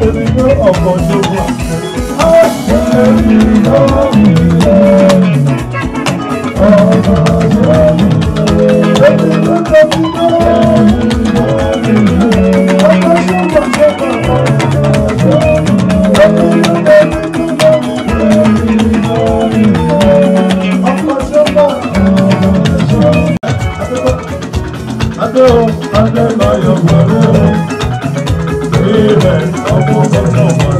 baby, no ọkọ̀ tó wà. Ọkọ̀ mi lọ́wọ́ mi lẹ́. Ọkọ̀ tó mi lẹ́. Baby, no ọkọ̀ tó wà mi lẹ́. Ọkọ̀ tó wà tó wà. Baby, no baby, no ọkọ̀ tó wà mi lẹ́. Ọkọ̀ tó wà. Adó, adó. ọkọ̀ ọ̀gbọ̀n náà.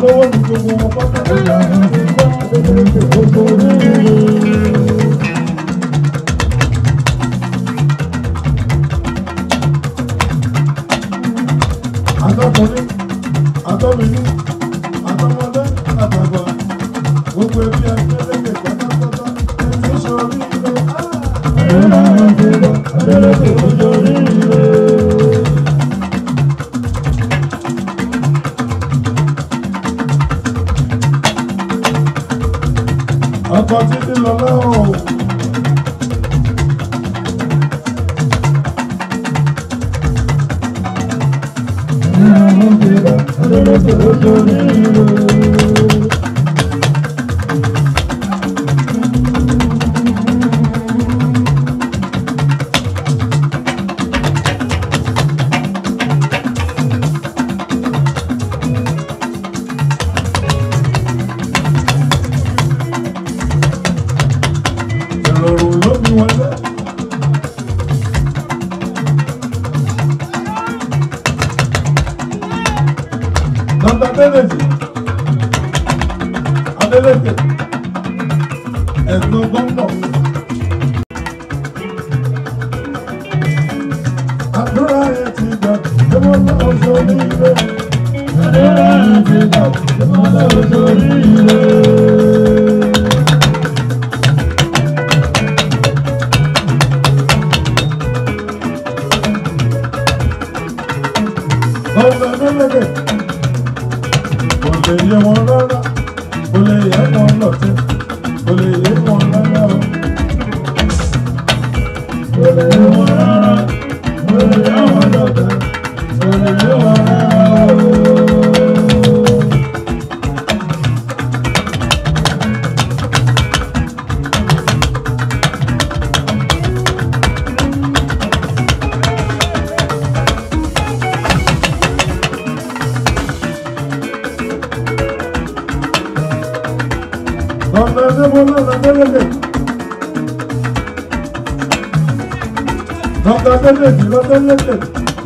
lówó ní gbogbo wọn pátá ní àwọn ìgbà kékeré gbogbo onílù. àtọkùnrin àtọmìnú àtọmọdé àtàgbà gbogbo ẹbí ẹgbẹ́lẹ́gbẹ̀ pátápátá ọlọ́run. Adolóṣèlú tó ní ìlú. Dr. Adeleke Adeleke ẹ̀gbọ́n gbọ́ngàn. Àdúrà yẹn ti I'm not a sórí ilé. Àdúrà not ti gbà lọ́wọ́ lọ́wọ́ sórí ilé. lè yé wọn rárá kò lè yé wọn lọ́tẹ̀ kò lè yé wọn rárá o kò lè yé wọn rárá. Dr. Dele, Dr. Dele, Dr. Dele.